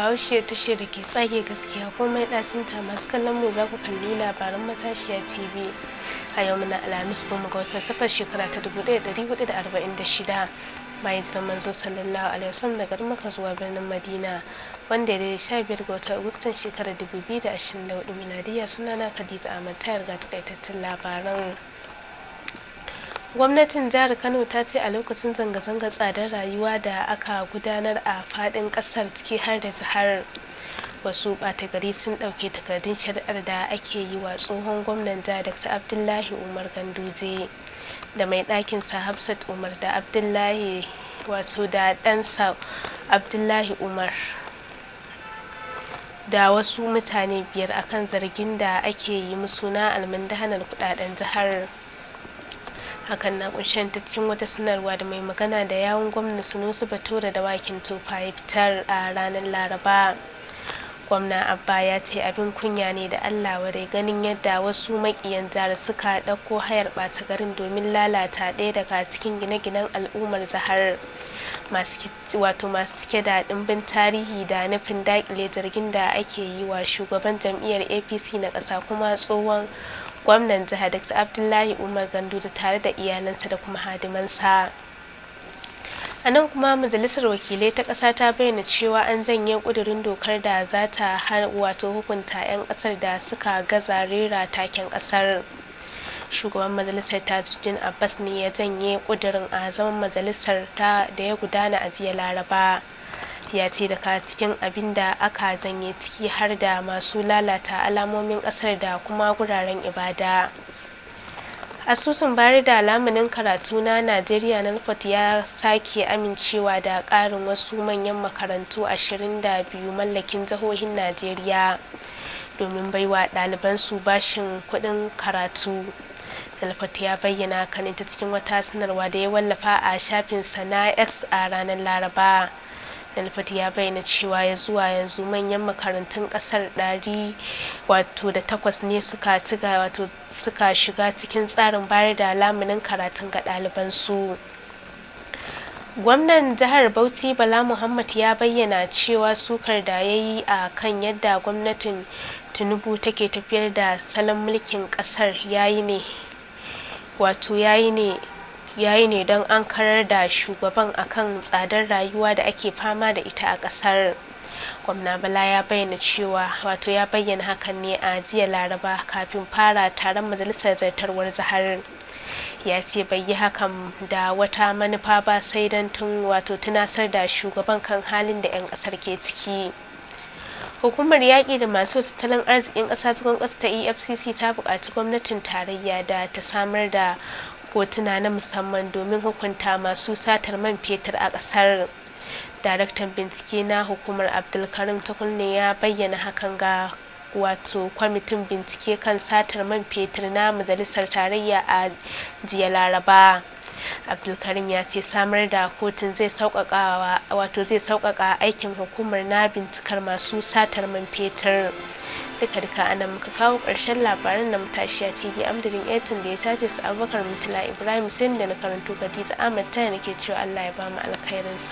Bahaushe tashar da ke tsage gaskiya komai ta masu kallon mu za ku kalli labaran matashiya TV a yau muna alhamis goma ga wata safar shekara ta 1446 bayan jiran manzo sallallahu alaihi wasallam daga maka zuwa birnin madina wanda da sha biyar ga wata agustan shekara 2024 miladiya sunana khadija ahmad ta yarda takaitattun labaran gwamnatin jihar kano ta ce a lokacin zanga-zanga tsadar rayuwa da aka gudanar a fadin kasar ciki har da jihar wasu ɓata gari sun ɗauke takardun shari'ar da ake yi wa tsohon gwamnan jihar dr abdullahi umar ganduje da mai ɗakin sa hafsat umar da abdullahi wato da ɗansa abdullahi umar da wasu mutane biyar akan zargin da ake yi musu na almundahanar kudaden jihar hakan na kunshen ta cikin wata sanarwa da mai magana da yawun gwamna sunusu bature da wakin tufa ya fitar a ranar laraba gwamna abba ya ce abin kunya ne da allah wadai ganin yadda wasu makiyan jihar suka ɗauko hayar bata garin domin lalata ɗaya daga cikin gine-ginen al'ummar jihar wato masu cike da ɗimbin tarihi da nufin daƙile jirgin da ake yi wa shugaban jam'iyyar apc na ƙasa kuma tsohon gwamnan jihar dr abdullahi umar gandu da tare da iyalansa da kuma hadimansa a nan kuma majalisar wakilai ta ƙasa ta bayyana cewa an janye ƙudurin dokar da za ta wato hukunta 'yan ƙasar da suka gaza rera taken ƙasar shugaban majalisar ta jin abbas ne ya janye ƙudurin a zaman majalisar ta da ya gudana a jiya laraba ya ce daga cikin abin da aka janye ciki har da masu lalata alamomin ƙasar da kuma guraren ibada Asusun bayar da lamunin karatu na Najeriya (NALFOT) ya sake amincewa da karin wasu manyan makarantu 22 mallakin jihohin Najeriya domin baiwa daliban su bashin kudin karatu. NALFOT ya bayyana hakan ta cikin wata sanarwa da ya wallafa a shafin na X a ranar Laraba. dalfati ya bayyana cewa ya zuwa yanzu manyan makarantun kasar ɗari wato da takwas ne suka wato suka shiga cikin tsarin bayar da lamunin karatun ga ɗalibansu gwamnan jihar bauchi bala muhammad ya bayyana cewa sukar da ya yi a kan yadda gwamnatin tinubu take tafiyar da salon mulkin kasar yayi ne wato yayi ne yayi ne don an karar da shugaban a kan tsadar rayuwa da ake fama da ita a kasar gwamna bala ya bayyana cewa wato ya bayyana hakan ne a jiya laraba kafin fara taron majalisar zartarwar zahar ya ce bai yi hakan da wata manufa ba sai don tun wato tunasar da shugaban kan halin da 'yan kasar ke ciki hukumar yaƙi da masu tattalin arzikin ƙasa cikin ƙasa ta efcc ta buƙaci gwamnatin tarayya da ta samar da kotuna na musamman domin hukunta masu satar man fetur a ƙasar daraktan bincike na hukumar abdulkarim tukunne ya bayyana hakan ga wato kwamitin bincike kan satar man fetur na majalisar tarayya a jiya laraba abdulkarim ya ce samar da kotun zai sauƙaƙa wato zai sauƙaƙa aikin hukumar na bincikar masu satar man fetur duka duka ana muka kawo ƙarshen labaran na mutashi a tv amdadin etin da ya tace su abubakar mutula ibrahim sai da na karanto khadija ahmad ta nake cewa allah ya ba mu sa